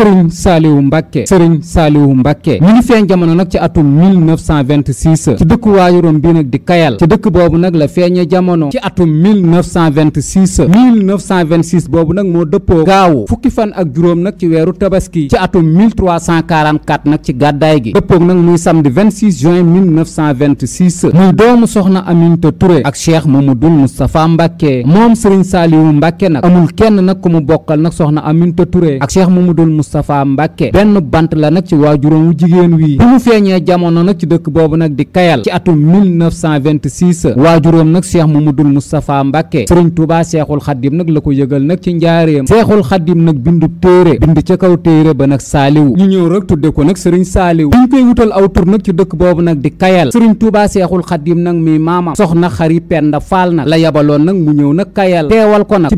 sëriñ saaliwu mbàkke sëriñ saaliwu mbàkke mi ngi feeñ jamono nag ci atum 1926 ci dëkk waajuram bi nag di kayal ci dëkk boobu nag la feeñe jamono ci atum 1926 1926 boobu nag moo dëppoo gaawu fukki fan ak juróom nag ci weeru tabaski ci atum 1344 nag ci gàddaay gi dëppoog nag muy samedi 26 juin 1926 muy doomu soxna Aminta Touré ak cheikh Mamadou Moustapha Mbàkke moom sëriñ saaliwu mbàkke nag amul kenn nag ku mu bokkal nag soxna Aminta Touré ak cheikh Mamadou Moustapha Moustapha Mbacke benn bant la nag ci waajuram wu jigéen wii bu mu feeñee jamono nag ci dëkk boobu nag di Kayal ci atum 1926 waajuram nag Cheikh Mamadou Moustapha Mbacke Serigne Touba Cheikhul Khadim nag la ko yëgal nag ci njaareem Cheikhul Khadim nag bindu téere bind ca kaw téere ba nag saaliw ñu ñëw rek tudde ko nag Serigne Saaliw biñ koy wutal aw tur nag ci dëkk boobu nag di Kayal Serigne Touba Cheikhul Khadim nag mi maamam soxna Xari Penda Faal nag la yabaloon nag mu ñëw nag Kayal teewal ko nag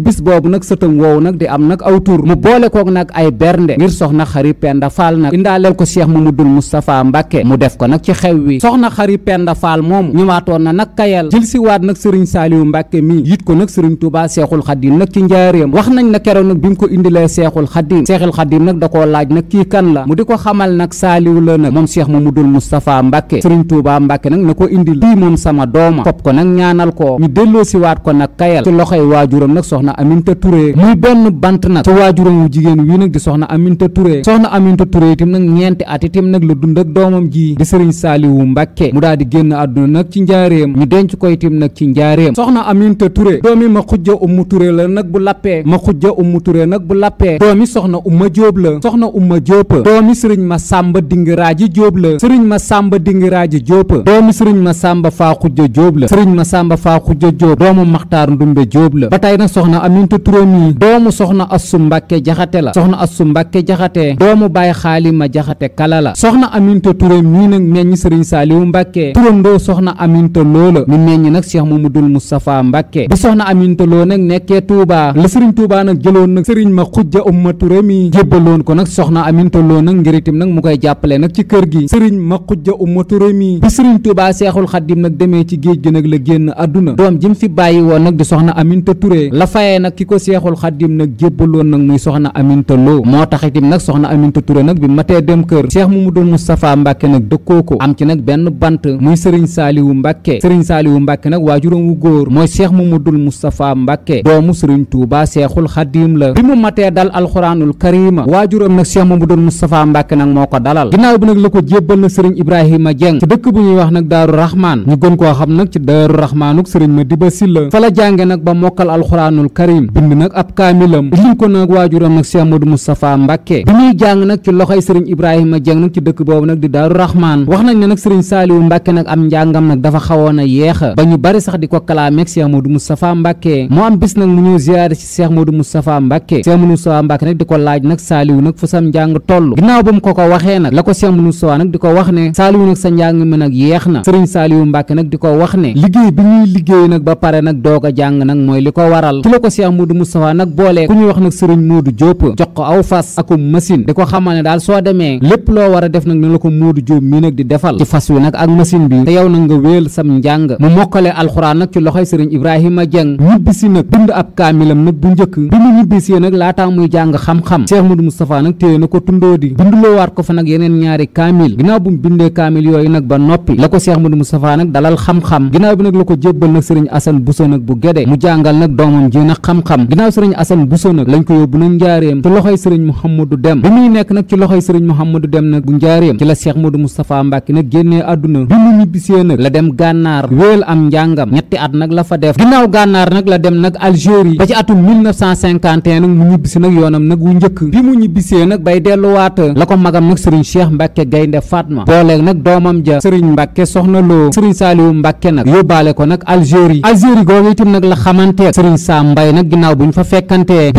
mu boole koog nag ay bernde ngir soxna xari penda faal nag indaaleel ko cheikh mamadul moustapha mbàkke mu def ko nag ci xew wi soxna xari penda faal moomu ñëwaatoon na nag kayal jël si waat nag sëriñ saaliwu mbàkke mi yit ko nag sëriñ tuuba seexul xadim nag ci njaareem wax nañ na keroog nag bi mu ko indilee seexul xadim seexul xadim nag da koo laaj nag kii kan la mu di ko xamal nag saaliwu la nag moom cheikh mamadul moustapha mbàkke sëriñ tuuba mbàkke nag na ko indil kii moom sama ko nag ñaanal ko ñu delloo ko nag kayal ci loxoy waajuram nag soxna aminta turé muy benn bant Aminta Touré soxna Aminta Touré itam nag ñeenti at itam nag la dund ak doomam ji di Serigne Saliou Mbacke mu daal génn àdduna nag ci njaareem ñu denc ko itam nag ci njaareem soxna Aminta Touré doomi ma xujja ummu Touré la nag bu lappee ma xujja ummu Touré nag bu lappee doomi soxna umma Jóob la soxna umma Jóob doomi Serigne ma Samba Dingiraaji Jóob la Serigne ma Samba Dingiraaji Jóob doomi Serigne ma Samba Faa Xujja Jóob la Serigne ma Samba Faa Xujja Jóob doomu Maxtaar Ndumbe Jóob la ba tey nag soxna Aminta Touré mi doomu soxna Assu Mbacke Jaxate la soxna Assu Mbacke Mbàkke Jaxate doomu baay xaali ma jaxate kala la soxna Aminta Touré mii nag meññ Sëriñ Saaliwu Mbàkke turandoo soxna Aminta Loo la mi meññ nag Cheikh Mamadul Moustapha Mbàkke bi soxna Aminta Loo nag nekkee Touba la Sëriñ Touba nag jëloon nag Sëriñ ma xujja umma Touré mi jébbaloon ko nag soxna Aminta Loo nag ngir itam nag mu koy jàppale nag ci kër gi Sëriñ ma xujja umma Touré mi bi Sëriñ Touba Seexul Xaddim nag demee ci géej gi nag la génn àdduna doom ji mu fi bàyyi woon nag di soxna Aminta Touré la fayee nag ki ko Seexul Xaddim nag jébbaloon nag muy soxna Aminta moo tax ndax itam nag soxna Aminta Touré nag bi matee dem kër Cheikh Mamadou Moustapha Mbacke nag dëkkoo ko am ci nag benn bant muy Serigne Saliou Mbacke Serigne Saliou Mbacke nag waajuram wu góor mooy Cheikh Mamadou Moustapha Mbacke doomu Serigne Touba Cheikhul Khadim la bi mu matee dal alxuraanul karima waajuram nag Cheikh Mamadou Moustapha Mbacke nag moo ko dalal ginnaaw bi nag la ko jébbal na Serigne Ibrahima Dieng ci dëkk bu ñuy wax nag Daaru Rahman ñu gën koo xam nag ci Daaru Rahmanuk ma Madiba Sylla fa la jànge nag ba mokkal alxuraanul karim bind nag ab kaamilam lim ko nag waajuram nag Cheikh Mamadou Moustapha Mbàkke bi muy jàng nag ci loxoy sëriñ Ibrahima Jeng nag ci dëkk boobu nag di Daaru Raxmaan wax nañ ne nag sëriñ Saaliwu Mbàkke nag a ba ñu bari sax di ko kalaameeg Cheikh Modou Moustapha Mbàkke moo am bis nag mu ñëw ziyaare ci Cheikh Modou Moustapha Mbàkke Cheikh Modou Moustapha Mbàkke nag di ko laaj nag Saaliwu nag fu sam njàng toll ginnaaw ba mu ko ko waxee nag la ko Cheikh Modou Moustapha nag di ko wax ne Saaliwu nag sa njàng mi nag yeex na sëriñ Saaliwu Mbàkke nag di ko wax ne liggéey bi ñuy liggéey nag ba pare nag doog a jàng nag mooy li ko waral ci la ko Cheikh Modou Moustapha nag boolee ku ñuy wax nag sëriñ Modou Diop akum machine di ko xamal ne daal soo demee lépp loo war a def nag na la ko Modou Diop mii nag di defal ci fas wi nag ak machine bi te yow nag nga wéel sam njàng mu mokkale alxuraan nag ci loxoy sëriñ Ibrahima Dieng ñibbisi nag bind ab kaamilam nag bu njëkk bi mu ñibbisee nag laataa muy jàng xam-xam Cheikh Modou Moustapha nag téye na ko tundoo di binduloowaat ko fa nag yeneen ñaari kaamil ginnaaw bu mu bindee kaamil yooyu nag ba noppi la ko Cheikh Modou Moustapha nag dalal xam la ko jébbal nag sëriñ Assane Bousso nag bu gédee mu jàngal nag Mouhamadou Dem bi muy nekk nag ci loxoy sëriñ Mouhamadou Dem nag bu njaareem ci la Cheikh Modou Moustapha Mbacke nag génnee àdduna bi mu ñibbisee nag la dem gànnaar wéel am njàngam ñetti at nag la fa def ginnaaw gànnaar nag la dem nag Algérie ba ci atum 1951 nag mu ñibbisi nag yoonam nag wu njëkk bi mu ñibbisee nag bay delluwaat la ko magam nag sëriñ Cheikh Mbacke Gaynde Fatma booleeg nag doomam ja sëriñ Mbacke soxna loo sëriñ Saliou Mbacke nag yóbbaale ko nag Algérie Algérie googu itam nag la xamante sëriñ Sam Mbaye nag ginnaaw bu ñu fa fekkantee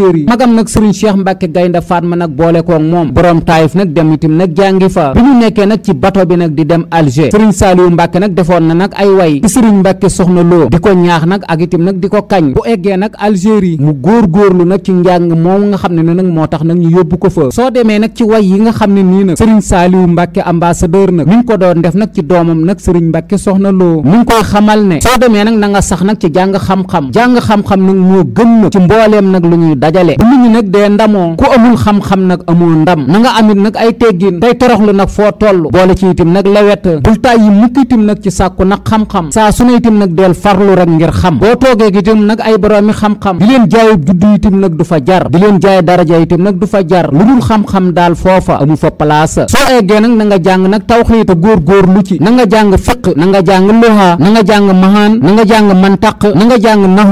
Algérie magam nag sëriñ cheikh mbàkke gaynde faatma nag boole koog moom borom taayif nag dem itam nag jàngi fa bi ñu nekkee nag ci bato bi nag di dem alger sëriñ saaliyu mbàkke nag defoon na nag ci di ko ñaax nag ak itam nag di ko kañ bu eggee nag algérie mu njàng moom nga xam ne ne nag moo tax nag ñu yóbbu ko fa soo demee nag ci way yi nga xam ne nii nag sëriñ saaliyu mbàkke ambassadeur nag mi ko doon def nag ci doomam nag sëriñ mbàkke soxna loo mi ngi koy xamal ne soo demee nag na nga sax nag ci jàng xam-xam jàng xam-xam dajale bu nit ñi nag dee ndamoo ku amul xam-xam nag amul ndam na nga amit nag ay teggin tey toroxlu nag foo toll boole ci itam nag lawet bul tay yi mukk itam nag ci sàkku nag xam-xam saa su ne itam nag deel farlu rek ngir xam boo toogee itam nag ay boroomi xam-xam di leen jaayub juddu itam nag du fa jar di leen jaay daraja itam nag du fa jar lu dul xam-xam daal foofa amu fa place soo eggee nag na nga jàng nag tawxiita góor-góor lu ci na nga jàng fiq na nga na nga jàng mahaan na nga jàng mantaq na nga jàng na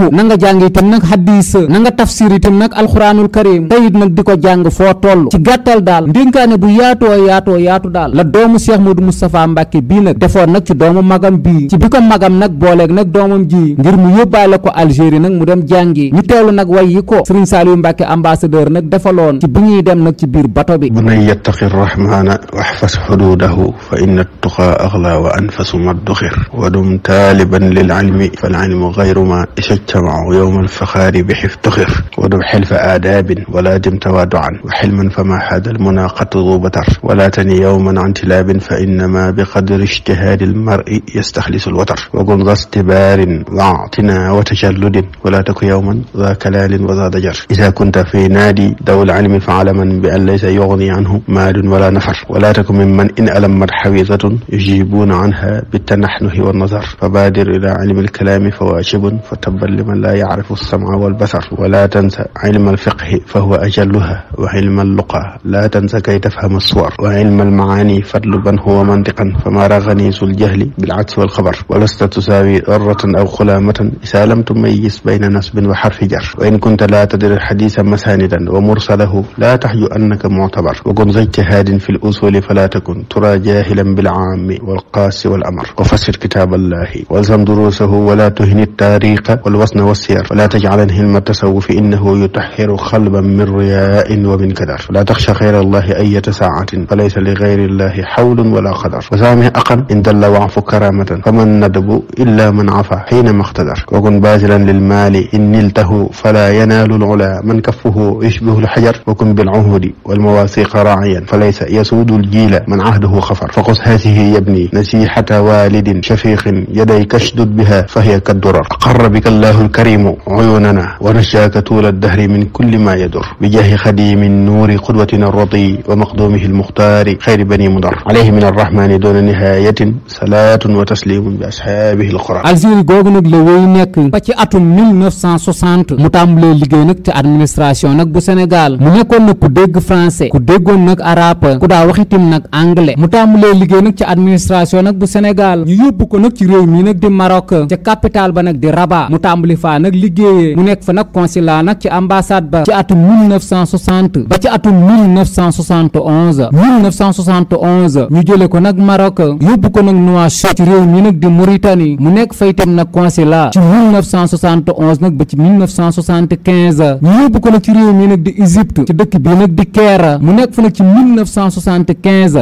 na nga tafsir nag alxuraanul karim teyit nag di ko jàng foo toll ci gàttal daal ndénkaane bu yaatoo yaatoo yaatu daal la doomu Cheikh Modou Moustapha Mbacke bii nag defoon nag ci doomu magam bii ci bi ko magam nag booleeg nag doomam ji ngir mu yóbbaale ko Algérie nag mu dem jàngi ñu teewlu nag way yi ko Serigne Saliou Mbacke ambassadeur nag defaloon ci bi ñuy dem nag ci biir bato bi man yattaqi rahmaana waxfas xuduudahu fa inna tuqaa axla wa anfasu madduxir wa dum taaliban lil ilmi fal ilmu gayru ma isajtamahu yowma alfaxaari bi xiftuxir wa dum xilfa aadaabin wala dim tawaaduan wa xilman fama xaadal muna qatru batar wala tani yowman an tilaabin fa innama bi qadri ijtihaadi almari yastaxlisu alwatar wa kun za stibaarin wa atina wa tajalludin wala taku yowman za kalaalin wa za dajar ida kunta fi naadi daw alcilmi fa alaman bi an laysa yugni anhu maalun wala nafar wala taku mimman in alammat xawiizatun yujibuuna anha bitanaxnuhi wannazar fa baadir ila cilmi alkalaami fawaajibun fa tabban liman laa yacrifu alsamca walbasar wala tansa ilma alfiqhi fa huwa ajalluha wa ilma alluqa laa tansa kay tafhama suwar wa ilma almaani fatluban huwa mantiqan fama raghani sul jahli bil aks wal xabar walasta tusaawi darratan aw xulamatan isaa lam tumayis bayna nasbin wa xarfi jar wa in kunta laa tadri alxadisa masaanidan wa mursalahu laa taxju annaka muctabar wa kun za ijtihaadin fi lusuli fala takun tura jahilan bil aami walqaasi wal amar wa fasir kitaab allahi walzam duruusahu wala tuhini taariqa walwasna wassiyar wala tajcalan hilma tasawufi innahu yutaxiru xalban min riyaain wa min kadar laa taxsha xayra allahi ayata saatin fa laysa li gayri illahi xawlun wala qadar wa saami aqan in dalla waafu karamatan fa man nadbu illa man afa xiina maxtadar wakun baasilan lilmaali in niltahu fala yanaalu lula man kafuhu yushbihu lxajar wakun bilcuhudi walmawaasiqa raaciyan fa laysa yasuudu ljiila man cahduhu xafar faqus haasihi yabni nasixata walidin shafiqin yadayka ashdud biha fahiya kaddurar aqarra bika allahu alkarimu uyunana wa nashaaka tuula dahri dahri min kulli ma yadur bi jaahi xadimi nuuri qudwatina radi wa maqdumihi almuxtaari xayri bani mudar alayhi min arrahmani doona nihayatin salaatun wa taslimun bi ashaabihi alquran Algérie googu nag la wéy nekk ba ci atum 1960 mu tàmbalee liggéey nag ci administration nag bu Sénégal mu nekkoon nag ku dégg français ku déggoon nag arabe ku daa waxitim nag anglais mu tàmbalee liggéey nag ci administration nag bu Sénégal ñu yóbbu ko nag ci réew mi nag di Maroc ca capitale ba nag di Rabat mu tàmbali faa nag liggéeyee mu nekk fa nag consulat nag ci am ambassade ba ci atum 1960 ba ci atum 1971 1971 ñu jële ko nag Maroc yóbbu ko nag Nouakchott ci réew mi nag di Mauritanie mu nekk fay tam nag consulat ci 1971 nag ba ci 1975 ñu yóbbu ko nag ci réew mi nag di Égypte ci dëkk bi nag di Caire mu nekk fa nag ci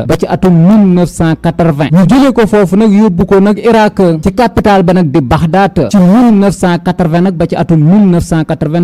ba ci atum ñu jële ko foofu nag yóbbu ko nag Irak ci capitale ba nag di Bagdad ci nag ba ci atum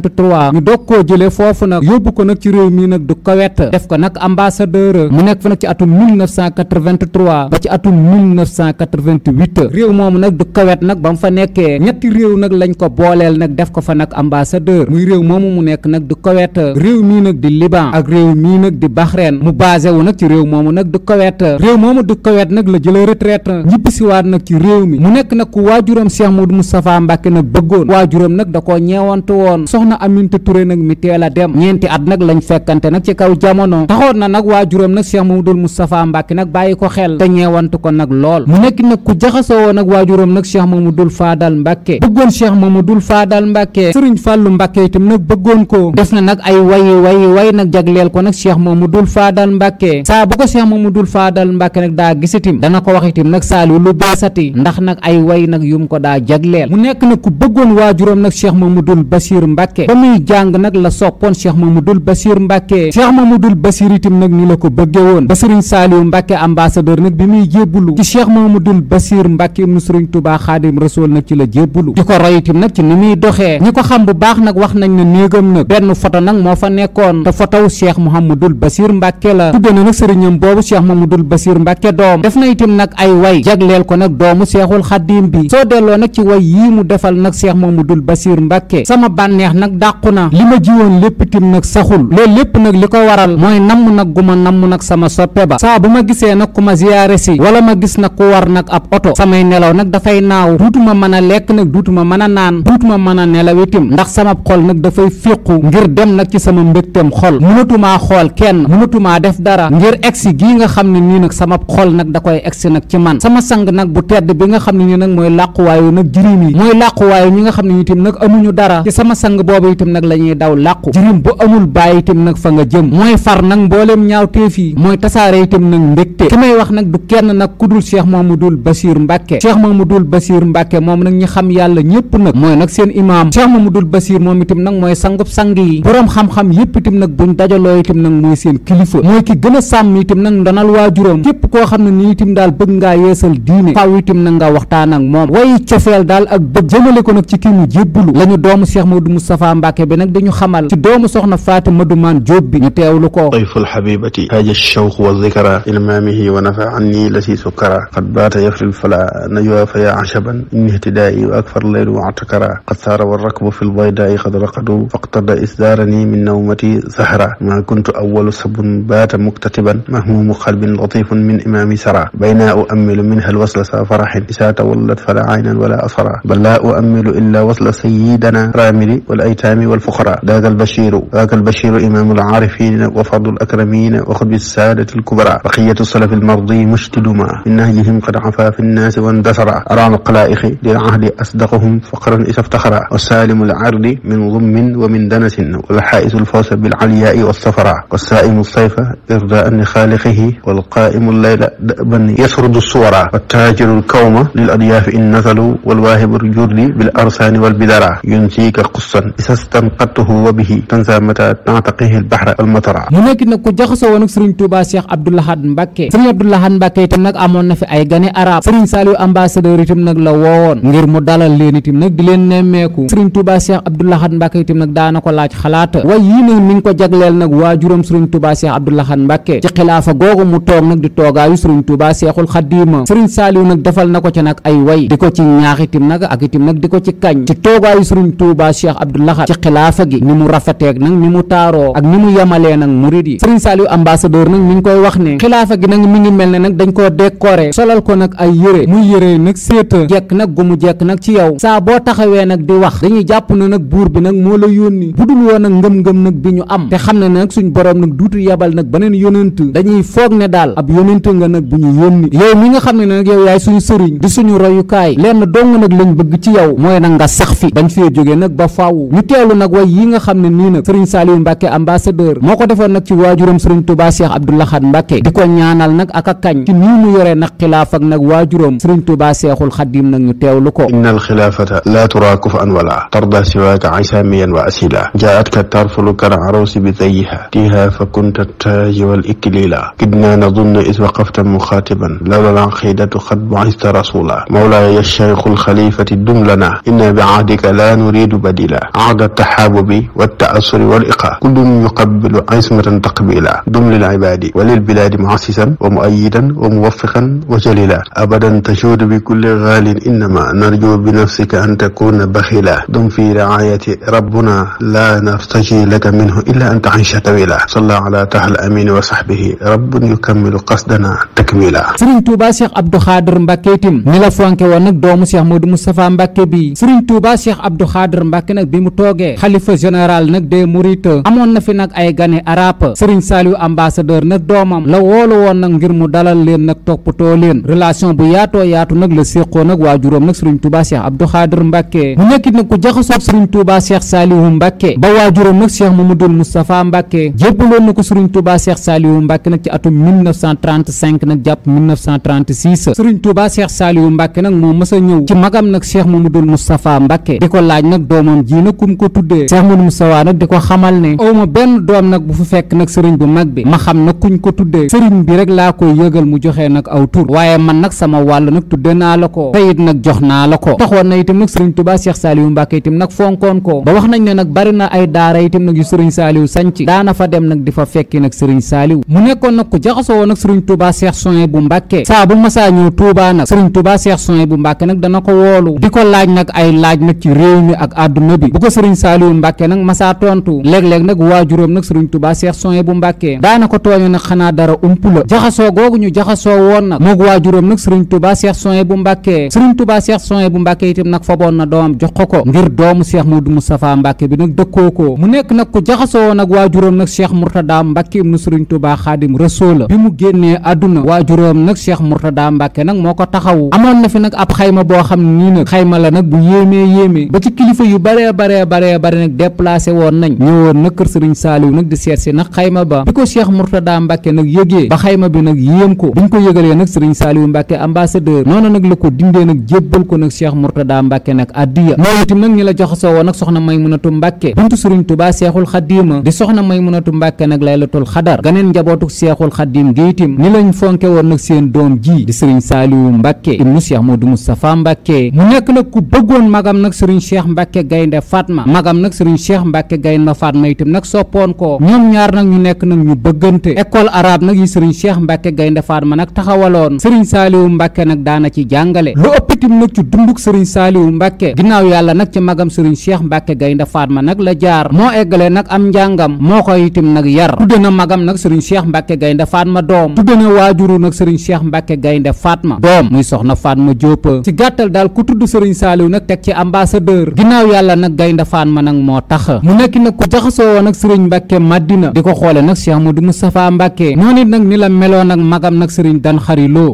doog koo jëlee foofu nag yóbbu ko nag ci réew mii nag du kawet def ko nag ambassadeur mu nekk fa nag ci atum 1983 ba ci atum 1988 réew moomu nag du kawet nag ba mu fa nekkee ñetti réew nag lañ ko booleel nag def ko fa nag ambassadeur muy réew moomu mu nekk nag du kawet réew mii nag di Liban ak réew mii nag di Bahreïn mu basé wu nag ci réew moomu nag du kawet réew moomu du kawet nag la jëlee retraite ñibbisiwaat nag ci réew mi mu nekk nag ku waajuram Cheikh Modou Moustapha Mbacke nag bëggoon waajuram nag da koo ñeewantu woon soxna Aminta mooy nag mi teel a dem ñeenti at nag lañ fekkante nag ci kaw jamono taxoon na nag waajuram nag Cheikh Mamadou Moustapha Mbacke nag bàyyi ko xel te ñeewantu ko nag lool mu nekk nag ku jaxasoo woon nag waajuram nag Cheikh Mamadou Fadal Mbacke bëggoon Cheikh Mamadou Fadal Mbacke Serigne Fallou Mbacke itam nag bëggoon ko def na nag ay wayi wayi way nag jagleel ko nag Cheikh Mamadou Fadal Mbacke saa bu ko Cheikh Mamadou Fadal Mbacke nag daa gisitim dana ko wax itam nag saali lu beesati ndax nag ay way nag yum ko daa jagleel mu nekk nag ku bëggoon waajuram nag Cheikh Mamadou Bassir Mbacke ba muy jàng jàng nag la soppoon cheikh mamadul basir mbàkke cheikh mamadul basir itam nag ni la ko bëgge woon ba sëriñ saaliyu mbàkke ambassadeur nag bi muy jébbulu ci cheikh mamadul basir mbàkke ibnu sëriñ tubaa xaadim rasool nag ci la jébbulu di ko roy itam nag ci ni muy doxee ñi ko xam bu baax nag wax nañ ne néegam nag benn foto nag moo fa nekkoon te photow cheikh mu basir mbàkke la tudde na nag sëriñam boobu cheikh mamadul basir mbàkke doom def na itam nag ay way jagleel ko nag doomu seexul xaadim bi soo delloo nag ci way yii mu defal nag cheikh mamadul basir mbàkke sama bànneex nag dàqu na li ma jiwoon lépp itam nag saxul loolu lépp nag li ko waral mooy namm nag gu ma namm nag sama soppe ba saa bu ma gisee nag ku ma ziyaare si wala ma gis nag ku war nag ab oto samay nelaw nag dafay naaw duutuma mën a lekk nag duutuma mën a naan duutuma mën a nelaw itam ndax sama xol nag dafay féqu ngir dem nag ci sama mbégteem xol mënatumaa xool kenn mënatumaa def dara ngir egsi gii nga xam ne nii nag sama xol nag da koy egsi nag ci man sama sang nag bu tedd bi nga xam ne nii nag mooy làquwaayu nag jirim yi mooy làquwaayu ñi nga xam ne itam nag amuñu dara sama sang boobu itam nag lañ dañuy daw làqu jirim bu amul bàyyi itam nag fa nga jëm mooy far nag mbooleem ñaaw yi mooy tasaare itam nag mbégte ki may wax nag du kenn nag ku dul cheikh mamadul basir mbàkke cheikh mamadul basir mbàkke moom nag ñi xam yàlla ñépp nag mooy nag seen imaam cheikh mamadul basir moom itam nag mooy sangub sang yi boroom xam-xam yépp itam nag buñ dajaloo itam nag mooy seen kilifa mooy ki gën a sàmm itam nag ndonal waajuram képp koo xam na ni itam daal bëgg ngaa yeesal diine faaw itam nag nga waxtaan tamit dañu xamal ci doomu soxna Fatima Dumaan Jóob bi ñu teewlu ko dayful xabibati haaja shawq wa zikra ilmaamihi wa nafa anni lati sukara qad baata yafril fala najwa fa ya ajaban inni ihtidaa'i wa akfar laylu wa atakara qad saara wa rakbu fi lbaydaa'i qad raqadu faqtada isdarani min nawmati sahra ma kuntu awalu sabun baata muktatiban mahmumu qalbin latifun min imami sara bayna uammilu minha alwaslasa faraxin isaa tawallat fala aynan wala asara bal la uammilu illa wasla sayidana ramiri wal aytaami wal fuqara أخرى ذاك البشير ذاك البشير إمام العارفين وفرد الأكرمين وقطب السادة الكبرى بقية السلف المرضي مشتدما من نهجهم قد عفا في الناس واندثرا أرام القلائق للعهد أصدقهم فقرا إذا افتخرا وسالم العرض من ضم ومن دنس والحائز الفوز بالعلياء والصفرا والسائم الصيف إرضاء لخالقه والقائم الليل دأبا يسرد الصورا والتاجر الكوم للأضياف إن نزلوا والواهب الجرد بالأرسان والبدرا ينسيك قصا إذا استنقد wa bihi tansa mata tantaqihi al bahra al matara mu nekk nag ku jaxasoo nag amoon na fi ay gane arab sëriñ Saliou ambassadeur itam la woowoon ngir mu dalal leen itam di leen nemmeeku sëriñ Touba Cheikh Abdoul Ahad Mbacké itam nag ko laaj xalaat way yii ko jagleel nag waajuram sëriñ Touba Cheikh Abdoul Ahad Mbacké ci xilaafa googu mu toog nag di toogaayu sëriñ Touba Cheikhul Xadima sëriñ Saliou nag defal na ko ci nag ay way di ko ci ñaax itam nag ak itam nag di ko ci kañ ci toogaayu sëriñ Touba Cheikh Abdoul ci xilaafa kaso gi ni mu rafeteeg nag ni mu taaroo ak mu yemalee nag murit yi Serigne Saliou ambassadeur nag mi ngi koy wax ne xilaafa gi nag mi ngi mel nag dañ koo décorer ko nag ay yére muy yére nag ci yow saa boo taxawee nag di na nag buur bi nag moo bu dul woon nag ngëm-ngëm nag bi ñu am te xam ne nag suñ boroom nag duutu yebal nag beneen yónent dañuy foog ne daal ab yónent nga nag bu ñu yónni yow mi nga xam ne nag yow yaay suñu sëriñ di suñu royukaay lenn dong nag lañ bëgg ci yow mooy nag nga sax fi bañ fee jógee nag ba faaw ñu teelu nag way yi nga xam ne nii nag sëriñ Saliou Mbacke ambassadeur moo ko defoon nag ci waajuram sëriñ Touba Cheikh Abdou Lahad Mbacke di ko ñaanal nag ak a kañ ci nii mu yoree nag xilaaf ak nag waajuram sëriñ Touba Cheikhul Khadim nag ñu teewlu ko inna al xilaafata laa turaa kuf'an wala tarda siwaaka isaamiyan wa asila jaatka tarfulu kal arusi bi dayiha tiiha fa kunta taaji wal iklila kidna nadunna is waqafta muxaatiban lawla al aqidatu qad bu'ista rasula mawlaaya cheikhu lxalifati dum lana inna bi ahdika la nuridu badila ahda taxaabu taxarrubi wa taasuri wal iqa kullun yuqabbilu ismatan taqbila dum lil ibadi wa lil biladi muassisan wa muayidan wa muwafiqan wa jalila abadan tashuudu bi kulli gaalin innama narju bi nafsika an takuna baxila dum fi riayati rabbuna la naftaji laka minhu illa an taisha tawila salla ala tahal amin wa sahbihi rabbun yukammilu qasdana takmila Sëriñ Tuuba Cheikh Abdou Xaadir Mbàkke itam ni la fonke woon nag doomu Cheikh Modou Moustapha Mbàkke bi Sëriñ Tuuba Cheikh Abdou Xaadir Mbàkke nag bi mu toogee xalifa général nag des mourides amoon na fi nag ay gane arab Serigne Saliou ambassadeur nag doomam la woolu woon nag ngir mu dalal leen nag toppatoo leen relation bu yaatoo yaatu nag la séqoo nag waajuróom nag Serigne Touba Cheikh Abdou Khadir Mbacke mu nekkit nag ku jaxasoo Serigne Touba Cheikh Saliou Mbacke ba waajuróom nag Cheikh Mamadou Moustapha Mbacke jébbaloon na ko Serigne Touba Cheikh Saliou Mbacke nag ci atum 1935 nag jàpp 1936 Serigne Touba Cheikh Saliou Mbacke nag moo mës a ñëw ci magam nag Cheikh Mamadou Moustapha Mbacke di ko laaj nag doomam ji nag kum ko tuddee Cheikh Modou Moustapha nag di ko xamal ne awma benn doom nag bu fu fekk nag sëriñ bu mag bi ma xam nag kuñ ko tuddee sëriñ bi rek laa koy yëgal mu joxee nag aw tur waaye man nag sama wàll nag tudde naa la ko teyit nag jox naa la ko taxoon na itam nag sëriñ Tuubaa Cheikh Saliou Mbacke itam nag fonkoon ko wax nañ ne nag bari na ay daara itam nag yu sëriñ Saliou sanc daana fa dem nag di fa fekki nag sëriñ mu nekkoon nag ku jaxasoo woon nag sëriñ Tuubaa Cheikh Soin bu Mbacke saa bu masaa ñëw Tuubaa nag sëriñ Tuubaa Cheikh Soin bu Mbacke nag dana ko woolu di ko laaj nag ay laaj nag ci réew mi ak àdduna bi Mbàkke nag masaa tontu léeg-léeg nag waajuróom nag sëriñ Tuubaa Seex Sohaybu bu Mbàkke daana ko tooñu nag xanaa dara ump la jaxasoo googu ñu jaxasoo woon nag moog waajuróom nag sëriñ Tuubaa Seex Sohaybu bu Mbàkke sëriñ Tuubaa Seex Sohaybu bu Mbàkke itam nag faboon na doomam jox ko ko ngir doomu Seex Moodu Mustafaa Mbàkke bi nag dëkkoo ko mu nekk nag ku jaxasoo woon nag waajuróom nag Seex Murtadaa Mbàkke ibnu sëriñ Tuubaa Xaadim Rasuul la bi mu génnee àdduna waajuróom nag Seex Murtadaa Mbàkke nag moo ko taxaw amoon na fi nag ab xayma boo xam ne nii nag xayma la nag bu yéemee yéemee ba ci kilifa yu bare bare bare nag nag woon nañ ñëwoon na kër sëriñ saaliw nag di seet si nag xayma ba bi ko cheikh mourtada mbàkke nag yëgee ba xayma bi nag yéem ko ñu ko yëgalee nag sëriñ saaliw mbàkke ambassadeur noonu nag la ko dindee nag jébbal ko nag cheikh mourtada mbàkke nag addiya moom itam nag ñi la joxasoo woon nag soxna maymunatu mbàkke buntu sëriñ tubaa seexul xadiima di soxna maymunatu mbàkke nag laylatul xadar ganeen njabootu seexul xadiim gi itam ni lañ fonke woon nag seen doom ji di sëriñ saaliwu mbàkke ibnu cheikh modou moustapha mbàkke mu nekk nag ku bëggoon magam nag sëriñ cheikh mbàkke gaynde fatma magam nag sëriñ Cheikh Mbacke Gaynde Fatma itam nag soppoon ko ñoom ñaar nag ñu nekk nag ñu bëggante école arabe nag yi sëriñ Cheikh Mbacke Gaynde Fatma nag taxawaloon sëriñ Saliou Mbacke nag daana ci jàngale lu ëpp itam nag ci dunduk sëriñ Saliou Mbacke ginnaaw yàlla nag ci magam sëriñ Cheikh Gaynde Fatma nag la jaar moo eggale nag am njàngam moo koy itam nag yar tudde na magam nag sëriñ Cheikh Mbacke Gaynde Fatma doom tudde na waajuru nag sëriñ Cheikh Mbacke Gaynde Fatma doom muy soxna Fatma Diop ci gàttal daal ku tudd sëriñ Saliou nag teg ci ambassadeur Gaynde Fatma moo tax mu nekk nag ku jaxasoo woon ak sëriñ Mbàkke Madina di ko xoole nag Cheikh Modou Moustapha Mbàkke noonu nag ni la meloon ak magam Lo ba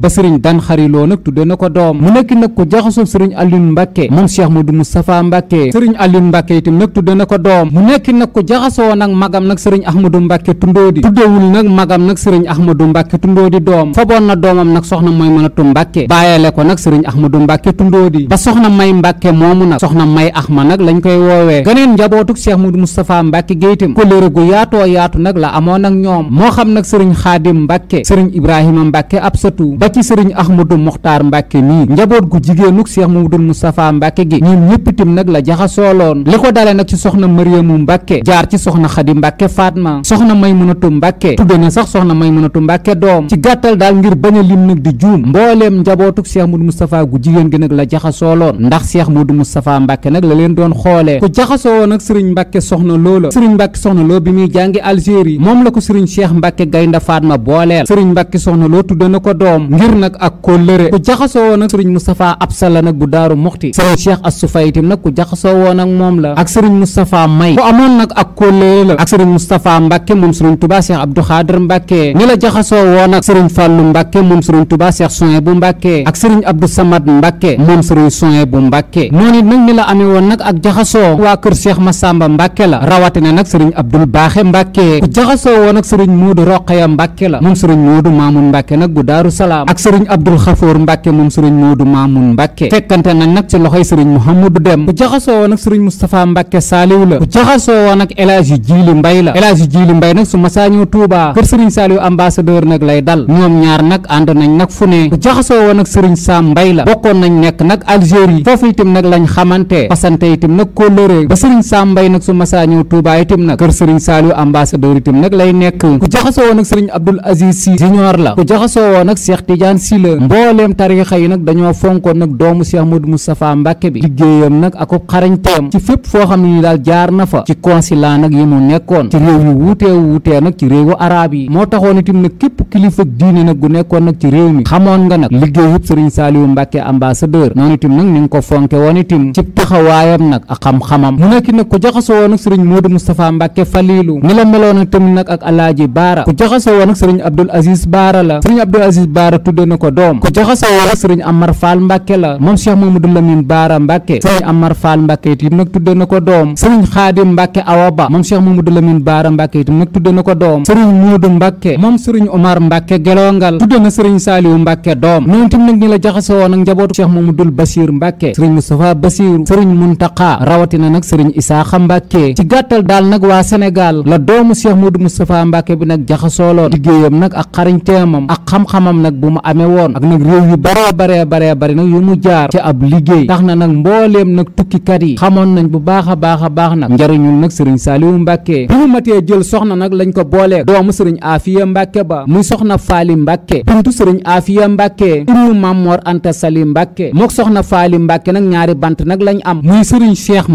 sëriñ Dan Khary Lo nag tudde na ko doom mu nekk nag ku ma du Alioune Mbàkke moom Cheikh Modou Moustapha Mbàkke sëriñ Alioune Mbàkke itam nag tudde na ko doom mu nekk nag ku jaxasoo woon ak magam nag sëriñ Ahmadou Mbàkke Tundóodi tuddewul nag magam nag sëriñ Ahmadou Mbàkke Tundóodi doom faboon na doomam nag soxna mooy mënatu Mbàkke bàyyeele ko nag sëriñ Ahmadou Mbàkke Tundóodi ba soxna may Mbàkke moomu nag soxna may Ahma nag lañ njabootug Cheikh Modou Moustapha Mbacke Gueye itam kóllëre gu yaatoo yaatu nag la amoon ak ñoom moo xam nag sëriñ Xaadim Mbacke sëriñ Ibrahima Mbacke ab satu ba ci sëriñ Ahmadou Mokhtar Mbacke mii njaboot gu jigéenug Cheikh Modou Moustapha Mbacke gi ñoom ñëpp itam nag la jaxasooloon li ko dale nag ci soxna Mariamu Mbacke jaar ci soxna Xadi Mbacke Fatma soxna Maymunatu Mbacke tudde na sax soxna may mënatu Mbacke doom ci gàttal daal ngir bañ a nag di juum mbooleem njabootug Cheikh Modou Moustapha gu jigéen gi nag la jaxasooloon ndax Cheikh Modou Moustapha Mbacke nag la leen doon nag sëriñ Mbacke soxna loo la sëriñ Mbacke soxna loo bi muy jàngi Algérie moom la ko sëriñ Cheikh Mbacke Gaynde ma booleel sëriñ Mbacke soxna loo tudde na ko doom ngir nag ak kóllëre ku jaxasoo woon ak sëriñ Moustapha Absala nag bu daaru muxti sëriñ Cheikh Assou Faye itam nag ku jaxasoo woon ak moom la ak sëriñ Moustapha May ku amoon nag ak kóllëre la ak sëriñ Moustapha Mbacke moom sëriñ Touba Cheikh Abdou Khader Mbacke ni la jaxasoo woon ak sëriñ Fallou Mbacke moom sëriñ Touba Cheikh Soin bu Mbacke ak sëriñ Abdou Samad Mbacke moom sëriñ Soin bu Mbacke noonu nag ni la amee woon nag ak jaxasoo ma Massamba Mbacke la rawatina nag sëriñ Abdul Baaxe Mbacke ku jaxasoo woon ak sëriñ Muudu Roqaya Mbacke la moom sëriñ Muudu Maamun Mbacke nag bu Daaru Salaam ak sëriñ Abdul Xafoor Mbacke moom sëriñ Muudu Maamun Mbacke fekkante nañ nag ci loxoy sëriñ Mouhamadou Dem ku jaxasoo woon ak sëriñ Moustapha Mbacke Saaliw la ku jaxasoo woon ak El Hadji Jiili Mbay la El Hadji Jiili Mbay nag su masaa ñëw Touba kër sëriñ Saaliw ambassadeur nag lay dal ñoom ñaar nag ànd nañ nag la bokkoon nañ nekk nag Algérie foofu itam nag lañ xamante fasante itam sàmbay nag su masaa ñëw Touba itam nag kër Serigne Saliou ambassadeur itam nag lay nekk ku jaxasoo woon ak Serigne Abdoul Aziz Sy junior la ku jaxasoo woon ak Cheikh Tidiane Sy mbooleem tarixa yi nag dañoo fonkoon nag doomu Cheikh Modou Moustapha Mbacke bi liggéeyam nag ko xarañteem ci fépp foo xam ne ni daal jaar na fa ci consulat nag yi mu nekkoon ci réew yu wute wuutee nag ci réewu arab yi moo taxoon itam nag képp kilifa diine nag gu nekkoon nag ci réew mi xamoon nga nag liggéey yëpp Serigne Saliou Mbacke ambassadeur noonu itam nag ni nga ko fonke woon itam ci taxawaayam nag ak xam-xamam mu nekk nag ku jaxasoo woon ak sëriñ Modou Moustapha Mbacke Falilou ni la meloon ak tamit nag ak alaaji Baara ku jaxasoo woon ak sëriñ Abdoul Aziz Baara la sëriñ Abdoul Aziz Baara tudde na ko doom ku jaxasoo woon ak sëriñ Amar Fall Mbacke la moom Cheikh Mamadou Lamine Baara Mbacke sëriñ Amar Fall Mbacke itam nag tudde na ko doom sëriñ Xaadim Mbacke Awa Ba moom Cheikh Mamadou Lamine Baara Mbacke itam nag tudde na ko doom sëriñ Modou Mbacke moom sëriñ Omar Mbacke woon ak njabootu Cheikh Mamadou Bachir Mbacke Isaaxa Mbàkke ci gàttal daal nag waa Sénégal la doomu Cheikh Modou Moustapha Mbàkke bi nag jaxasooloon liggéeyam nag ak xarañteemam ak xam-xamam nag bu mu amee woon ak nag réew yu baree baree baree bari nag yu mu jaar ci ab liggéey tax na nag mbooleem nag tukkikat yi xamoon nañ bu baax a baax a baax nag njariñul nag sëriñ Saaliwu Mbàkke bi mu matee jël soxna nag lañ ko boolee doomu sëriñ Afiya Mbàkke ba muy soxna Faali Mbàkke bintu sëriñ Afiya Mbàkke ibnu Mamor Anta Sali Mbàkke mook soxna Faali Mbàkke nag ñaari bant nag lañ am muy sëriñ Cheikh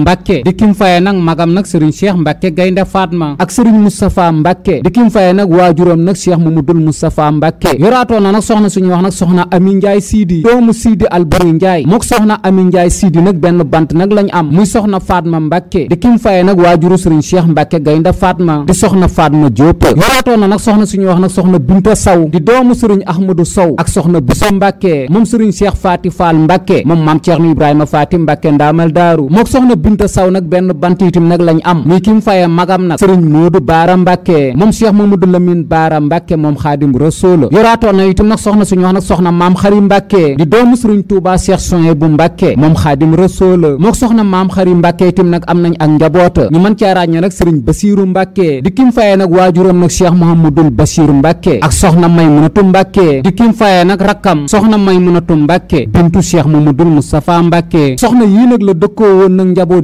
faye nag magam nag sëriñ cheikh mbàkke gaynde faatma ak sëriñ moustapha mbàkke di kim faye nag waajuram nag cheikh mamadul moustapha mbàkke yoraatoon na nag soxna suñuy wax nag soxna ami njaay siidi doomu siidi albari njaay mook soxna ami nag benn bant nag lañ am muy soxna faatma mbàkke di kim faye nag waajuru sëriñ cheikh mbàkke gaynde faatma di soxna faatma jóob yoraatoon na nag soxna suñuy wax nag soxna binta saw di doomu sëriñ ahmadou sow ak soxna biso mbàkke moom sëriñ cheikh faati faal mbàkke moom maam cheikh ibrahima faati mbàkke ndaamal daaru mook soxna binta saw nag benn bant itam nag lañ am muy kim faye magam nag sëriñ Modou Baara Mbàkke moom Cheikh Mamadou Lamine Baara Mbàkke moom xaadim rasool yoraatoon na itam nag soxna suñu wax nag soxna maam xari Mbàkke di doomu sëriñ Touba Cheikh Soye bu Mbàkke moom xaadim rasool mook soxna maam xari Mbàkke itam nag am nañ ak njaboot ñu mën caa ràññee nag sëriñ Basiiru Mbàkke di kim nag waajuram nag Cheikh Mouhamadoul Basiiru Mbàkke ak soxna Maymunatu Mbàkke di kim faye nag rakkam soxna Maymunatu Mbàkke bintu Cheikh Mamadou Moustapha Mbàkke soxna yii nag la dëkkoo woon nag njaboot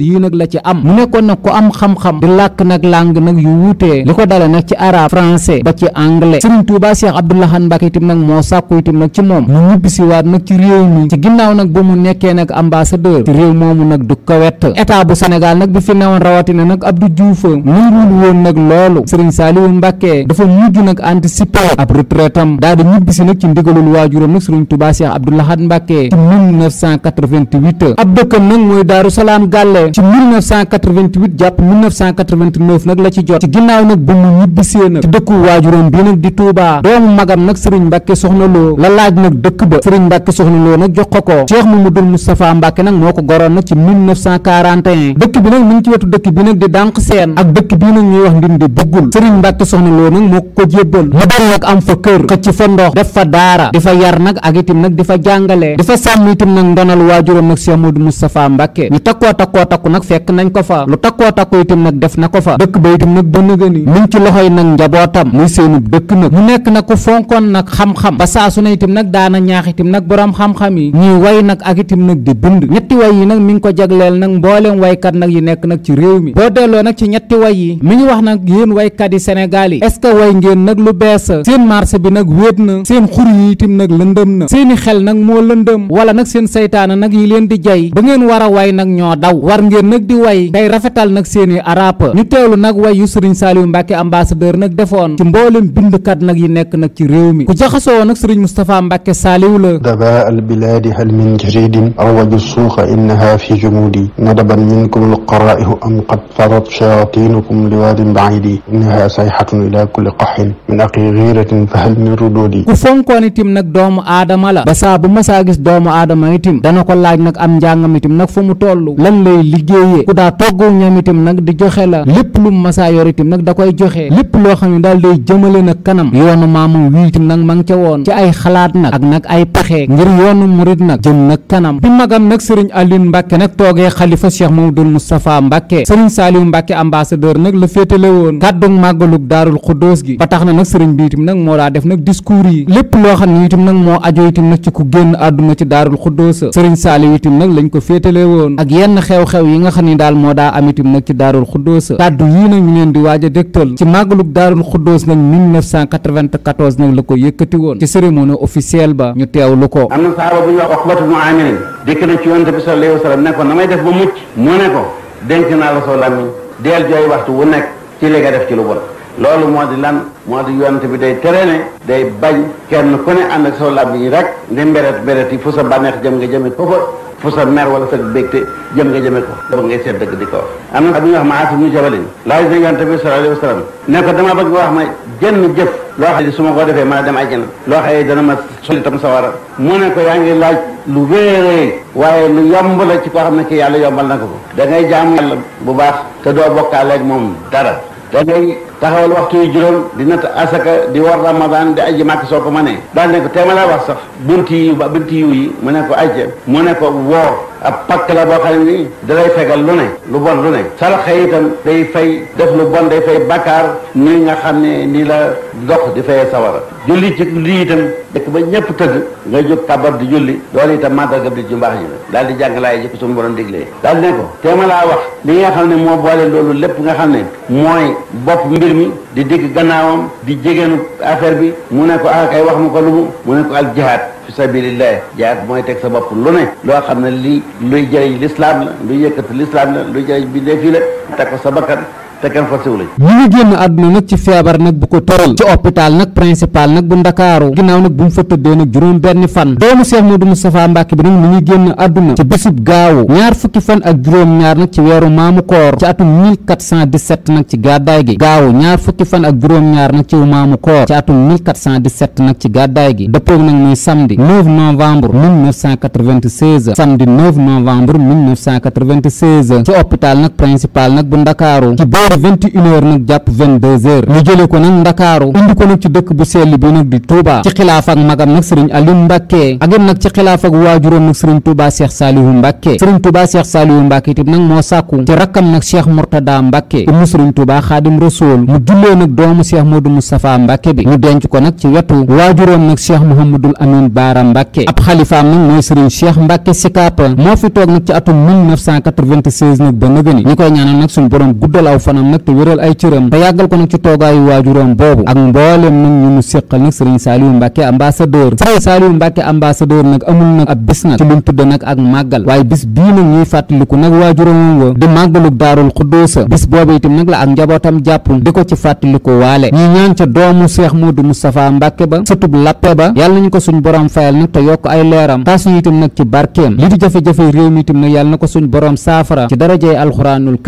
mu nekkoon nag ku am xam-xam di làkk nag làng nag yu wuutee li ko dale nag ci arab français ba ci anglais Serigne Touba Cheikh Abdou Lahad moo sàkku itam nag ci moom mu ñibbisi waat nag ci ginnaaw nag ba mu nekkee nag ambassadeur ci réew moomu nag du ko wett état bu Sénégal nag bi fi newoon nag Abdou Diouf nangul woon nag loolu Serigne Saliou Mbacké dafa mujj nag anticiper ab retraitam daal di ñibbisi nag ci ndigalul waajuram nag Serigne Touba Cheikh Abdou Lahad Mbacké ci 1988 ab dëkkam nag mooy Daaru Salaam ci 1988 jàpp 1989 nag la ci jot ci ginnaaw nag bu mu ñibbisee nag ci dëkku waajuram bii nag di Touba doomu magam nag Serigne Mbacke soxna loo la laaj nag dëkk ba Serigne Mbacke soxna loo nag jox ko ko Cheikh Mamadou Moustapha Mbacke nag moo ko goroon nag ci 1941 dëkk bi nag mu ngi ci wetu dëkk bi nag di dànq seen ak dëkk bii nag ñuy wax ndindi buggul Serigne Mbacke soxna loo nag moo ko jébbal mu dal nag am fa kër xëcc fa ndox def fa daara di fa yar nag ak itam nag di fa jàngale di fa sàmm itam nag ndonal waajuram nag Cheikh Mamadou Moustapha Mbacke ñu takkoo takkoo takku nag fekk nañ ko ko fa lu takkoo takku itam nag def na ko fa dëkk ba itam nag dënn gëni mu ngi ci loxoy nag njabootam muy seenub dëkk nag mu nekk nag ku fonkoon nag xam-xam ba saa nag daana ñaax itam nag boroom xam-xam yi ñuy way nag ak itam nag di bind ñetti way yi nag mi ngi ko jagleel nag mbooleem waykat nag yi nekk nag ci réew mi boo delloo nag ci ñetti way yi mi ngi wax nag yéen waykat yi Sénégal yi est-ce que way ngeen nag lu bees seen marché bi nag wéet na seen xur na seeni xel nag moo lëndëm wala nag seen saytaana nag yi leen di jay ba ngeen a way nag ñoo daw war ngeen nag tey day rafetal nag seeni arap ñu teewlu nag way yu Serigne Saliou Mbacke ambassadeur nag defoon ci mboolem bindkat nag yi nekk nag ci réew mi ku jaxasoo nag Serigne Moustapha Mbacke Saliou la daba al biladi hal min jaridin aw waju suuxa innaha fi jumudi nadaban minkum alqaraihu am qad fadat shayatinukum liwadin baidi innaha sayhatun ila kulli qaxin min aqi giratin fa hal min rududi ku fonkoon itim nag doomu aadama la ba saa bu masaa gis doomu aadama itim dana ko laaj nag a njàngam masaa togg nag di joxe la lépp lu masaa yor itam nag da koy joxe lépp loo xam ne daal day jëmale nag kanam yoonu maamam wii itam nag ma ngi ca woon ci ay xalaat nag ak nag ay pexe ngir yoonu murit nag jëm nag kanam bi magam nag sëriñ Alioune Mbacke nag toogee xalifa Cheikh Mamadou Moustapha Mbacke sëriñ Saliou Mbacke ambassadeur nag la féetale woon kàddug màggalug daarul xuddoos gi tax na nag sëriñ bi itam nag moo daa def nag discours yi lépp loo xam ne itam nag moo ajo itam nag ci ku génn àdduna ci daarul xuddoosa sëriñ Saliou itam nag lañ ko féetale woon ak yenn xew-xew yi nga xam ne daal moo daa amitim nag ci daarul xuddoos kàddu yii nag ñu leen di waaj a dégtal ci màggalug daarul xuddoos nag 1994 nag la ko yëkkati woon ci cérémonie officielle ba ñu teewlu ko am na saaba bu wax oxbatu mu amirin dikk na ci yonte bi sallallahu alayhi wa sallam ne ko na may def ba mucc mu ne ko denc naa la soo làmmiñ deel jooy waxtu wu nekk ci li def ci lu bon loolu moo di lan moo di yonte bi day tere ne day bañ kenn ku ne ànd ak saw làmb yi rek ndi mberet mberet yi fu sa bànneex jëm nga jëme ko fa fu sa mer wala sa bégte jëm nga jëme ko ba ngay seet dëgg di ko wax am na bu ñu wax ma asim ñu jabalin laaj na yonte bi sallallahu alayhi wa sallam ne ko ma jënn jëf loo xam ne su ma ko defee ma dem ajjana loo xam ne dana ma solitam sawara mu ne ko yaa ngi laaj lu wéeree waaye lu yomb la ci koo xam ne ki yàlla yombal na ko ko dangay ngay jaamu yàlla bu baax te doo bokkaale ak moom da taxawal waxtu yu juróom di natt asaka di war ramadan di aji màkk soo ko mënee daal ne ko teema laa wax sax bunti yi bunti yiw yi mu ne ko ajja mu ne ko la boo xam ne dalay fegal day fay def lu bon day fay bakkaar nii nga xam ne nii la dox di fayee sawara julli ci lii itam dëkk ba ñëpp tëgg nga jóg kabar di julli loolu itam mandarga bi ju mbaax ji la daal di jàng laay jikko suñu borom diglee daal ne ko teema laa wax li nga xam ne moo boole loolu lépp nga xam ne mooy bopp mbir mbir mi di dégg gannaawam di jegeenu affaire bi mu ne ko ah kay wax ma ko lu mu mu ne ko al jihaad fi sabilillah jihaad mooy teg sa bopp lu ne loo xam ne lii luy jëriñ lislaam la luy yëkkati lislaam la luy jëriñ bi dee fii la teg ko sa bakkan te kenn forcé wu lañ ñi ngi génn àdduna nag ci feebar nag bu ko tëral ci hôpital nag principal nag bu ndakaaru ginnaaw nag bu mu fa tëddee nag juróom benn fan doomu Cheikh Modou Moustapha Mbacke bi nag mi ngi génn àdduna ci bésub gaawu ñaar fukki fan ak juróom-ñaar nag ci weeru maamu koor ci atum nag ci gàddaay gi gaawu ñaar fukki fan ak juróom-ñaar nag ci maamu koor ci atum 1417 nag ci gàddaay gi dëppoog nag muy samedi 9 novembre 1996 samedi 9 novembre 1996 ci hôpital nag principal nag bu diggante vingt et une heures nag jàpp vingt-deux heures ñu jëlee ko nag ndakaaru indi ko nag ci dëkk bu sell bi nag di Touba ci xilaaf ak magam nag sëriñ Aliou Mbàkke ak it nag ci xilaaf ak waajuróom nag sëriñ Touba Cheikh Saliou Mbàkke sëriñ Touba Cheikh Saliou Mbàkke itam nag moo sàkku ci rakkam nag Cheikh Mourtada Mbàkke ibnu sëriñ Touba Xaadim Rasuul mu jullee nag doomu Cheikh Modou Moustapha Mbàkke bi mu denc ko nag ci wetu waajuróom nag Cheikh Mouhamadul Amin Baara Mbàkke ab xalifaam nag mooy sëriñ Cheikh Mbàkke Sikaap moo fi toog nag ci atum 1996 nag ba nëgëni ñi koy kanam nag te wéral ay cëram te yàggal ko nag ci toogaayu waajuram boobu ak mboolem nag ñu mu séqal nag sëriñ Saliou Mbacke ambassadeur sëriñ Saliou Mbacke ambassadeur nag amul nag ab bis nag ci luñ tudd nag ak màggal waaye bis bii nag ñuy fàttaliku nag waajuram wa di màggaluk daarul xuddoosa bis boobu itam nag la ak njabootam jàpp di ko ci fàttaliku waale ñi ñaan ca doomu Cheikh Modou Moustapha Mbacke ba sëtub lappe ba yàlla ñu ko suñ borom fayal nag te yokk ay leeram taas ñu itam nag ci barkeem li di jafe-jafe mi itam nag na ko suñ borom saafara ci darajey alxuraanul